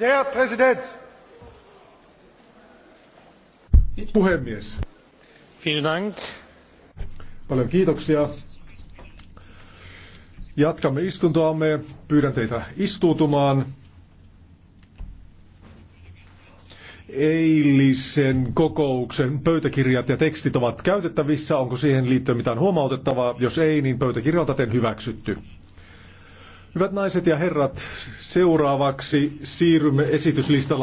Der Präsident. Puhemies. Vielen Dank. Paljon kiitoksia. Jatkamme istuntoamme. Pyydän teitä istuutumaan. Eilisen kokouksen pöytäkirjat ja tekstit ovat käytettävissä. Onko siihen liittyen mitään huomautettavaa? Jos ei, niin pöytäkirja on täten hyväksytty. Hyvät naiset ja herrat, seuraavaksi siirrymme esityslistalla